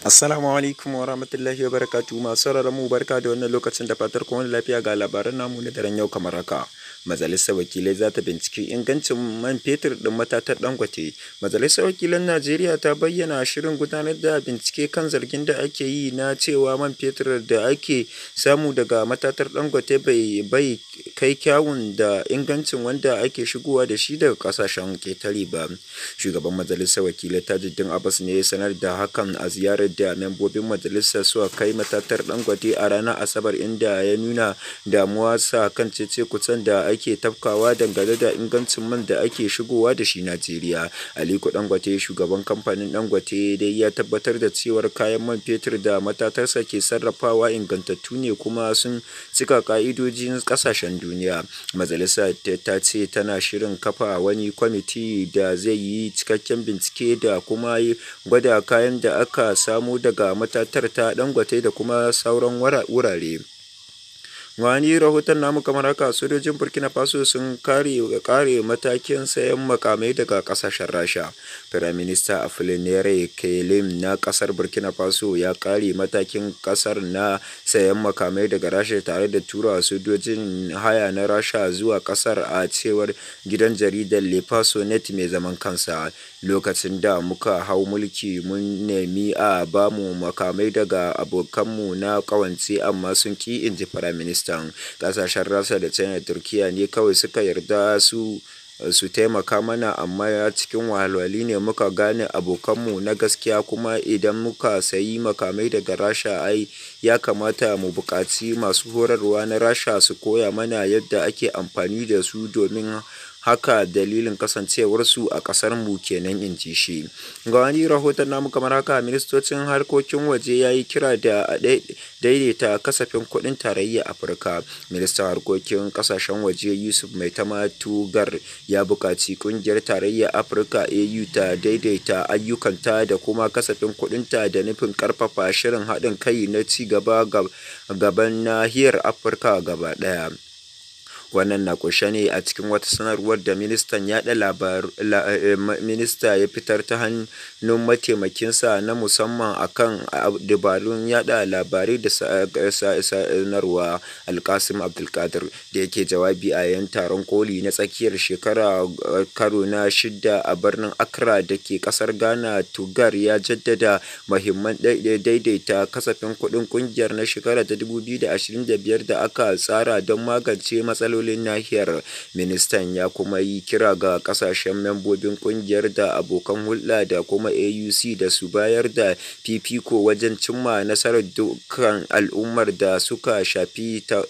Assalamu alaikum wa rahmatullahi wa barakatu masu mu barka da wannan lokacin da fatar kuma lafiya ga labaran namu na daren yau kamar haka. Majalisar Wakilai za ta binciki ingancin man fetur din matatar Dangote. Majalisar Wakilan Najeriya ta bayyana shirin gudanar da bincike kan zargin da ake yi na cewa man fetur da ake samu daga matatar Dangote bai bai kai kyawun da ingancin wanda ake shigowa da shi daga kasashen ketare ba. Shugaban Majalisar Wakilai Tajuddin Abbas ne ya sanar da hakan a ziyarar da membobin majalisar suka kai matatar Dangote a ranar Asabar, inda ya nuna damuwa sa kan cece kusan da ake tafkawa dangane da ingancin man da ake shigowa da shi Najeriya. Aliko Dangote, shugaban kamfanin Dangwate dai ya tabbatar da cewar kayan man fetur da matatarsa ke sarrafawa ingantattu ne kuma sun cika ka'idojin kasashen duniya. Majalisa ta ce tana shirin kafa wani kwamiti da zai yi cikakken bincike da kuma gwada kayan da aka samu samu daga matatar ta Dangote da kuma sauran wurare. Wani rahoton namu kamar haka sojojin Burkina Faso sun kare kare matakin sayan makamai daga kasashen Rasha. Firaminista afilinere Kelim na kasar Burkina Faso ya kare matakin kasar na sayan makamai daga Rasha tare da tura sojojin haya na Rasha zuwa kasar a cewar gidan jaridar Le Net mai zaman kansa. Lokacin da muka hau mulki mun nemi a bamu makamai daga abokanmu na kawance amma sun ki inji firaminista. afghanistan ƙasashen rasha da china turkiya ne kawai suka yarda su su taimaka mana amma cikin walwali ne muka gane abokanmu na gaskiya kuma idan muka sayi makamai daga rasha ai ya kamata mu bukaci masu horarwa na rasha su koya mana yadda ake amfani da su domin haka dalilin kasancewarsu a mu kenan in ji shi ga wani rahoton namu kamar haka ministocin harkokin waje ya yi kira da daidaita kasafin kuɗin tarayya afirka ministan harkokin ƙasashen waje yusuf mai tugar ya buƙaci ƙungiyar tarayya afirka au ta daidaita ayyukanta da kuma kasafin kuɗinta da nufin ƙarfafa shirin haɗin kai na ci gaba gaban nahiyar afirka gaba ɗaya Wannan na ƙunshe ne a cikin wata sanarwar da ministan labaru eh, minista ya fitar ta hannun mataimakinsa na musamman a kan dabarun yaɗa labarai da sanarwa Alkasim Abdulkadir da yake jawabi a yan taron koli na tsakiyar shekara eh, karo na shidda a birnin Accra da ke ƙasar Ghana Tugar ya jaddada mahimman daidaita kasafin kuɗin ƙungiyar na shekara ta 2025 da aka tsara don magance matsalolin matsalolin nahiyar. Ministan ya kuma yi kira ga kasashen membobin ƙungiyar da abokan hulɗa da kuma AUC da su bayar da fifiko wajen cimma nasarar dukkan al'ummar da suka shafi ta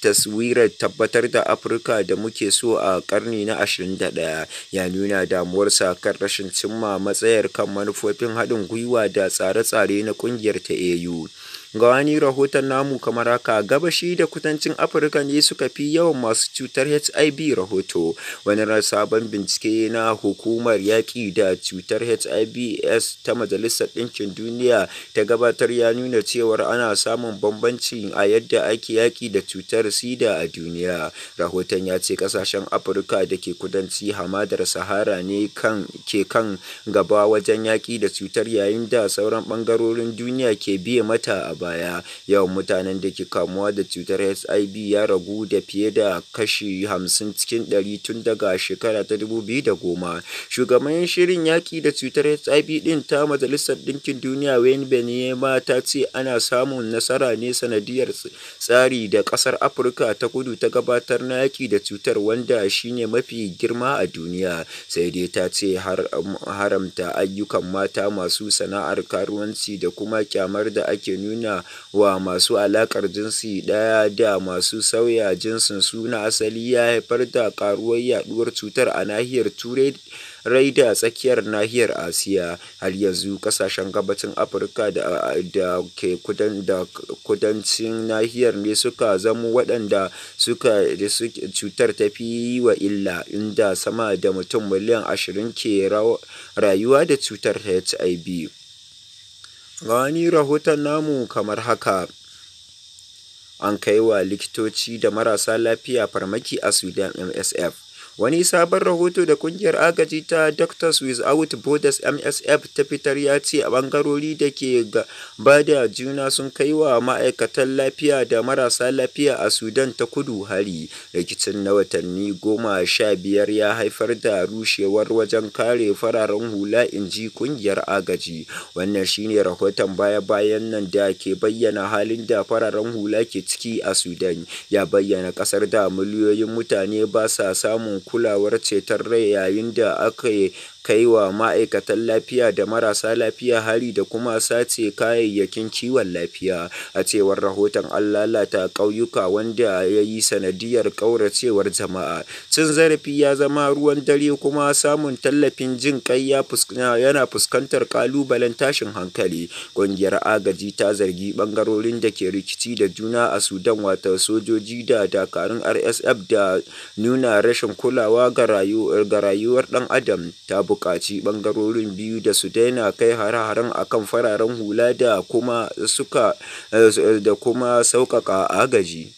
taswirar tabbatar da afirka da muke so a karni na 21 ya nuna damuwarsa kan rashin cimma matsayar kan manufofin haɗin gwiwa da tsare-tsare na ƙungiyar ta au Ga wani rahoton namu kamar haka, gabashi da kudancin Afirka ne suka fi yawan masu cutar HIV rahoto. Wani sabon bincike na hukumar yaƙi da cutar HIV/AIDS ta Majalisar Ɗinkin Duniya ta gabatar ya nuna cewar ana samun bambanci a yadda ake yaƙi da cutar sida a duniya. Rahoton ya ce ƙasashen Afirka da ke kudanci hamadar Sahara ne kan ke kan gaba wajen yaƙi da cutar yayin da sauran ɓangarorin duniya ke biye mata a ba baya, yawan mutanen da ke kamuwa da cutar HIV ya ragu da fiye da kashi 50 cikin 100 tun daga shekara ta 2010. Shugaban Shirin yaki da Cutar HIV ɗin ta Majalisar Ɗinkin Duniya Wayne Benyema ta ce ana samun nasara ne sanadiyar tsari da ƙasar Afirka ta kudu ta gabatar na yaki da cutar wanda shine mafi girma a duniya. Sai dai ta ce um, haramta ayyukan mata masu sana'ar karuwanci da kuma kyamar da ake nuna suna wa masu alaƙar jinsi daya da masu sauya jinsin suna asali ya haifar da ƙaruwar yaɗuwar cutar a nahiyar Turai da tsakiyar nahiyar Asiya. Har yanzu ƙasashen gabacin Afirka da, ke kudancin nahiyar ne suka zama waɗanda suka cutar ta yi wa illa inda sama da mutum miliyan 20 ke rayuwa da cutar HIV. wani rahoton namu kamar haka: An kai wa likitoci da marasa lafiya farmaki a Sudan MSF Wani sabon rahoto da ƙungiyar agaji ta Doctors Without Borders MSF ta fitar ya ce a ɓangarori da ke ba da juna sun kai wa ma'aikatan lafiya da marasa lafiya a Sudan ta kudu hari. Rikicin na watanni goma sha biyar ya haifar da rushewar wajen kare fararen hula in ji ƙungiyar agaji. Wannan shine rahoton baya-bayan nan da ke bayyana halin da fararen hula ke ciki a Sudan. Ya bayyana ƙasar da miliyoyin mutane ba sa samun kulawar ceton rai yayin da aka yi. kai wa ma'aikatan lafiya da marasa lafiya hari da kuma sace kayayyakin kiwon lafiya. A cewar rahoton, an lalata ƙauyuka wanda ya yi sanadiyar ƙauracewar jama'a. Cin zarafi ya zama ruwan dare kuma samun tallafin jin kai yana fuskantar ƙalubalen tashin hankali. Ƙungiyar agaji ta zargi bangarorin da ke rikici da juna a Sudan wata sojoji da dakarun RSF da nuna rashin kulawa ga rayuwar ɗan adam ta buƙaci bangarorin biyu da su daina kai hare-haren akan fararen hula da kuma eh, sauƙaƙa agaji.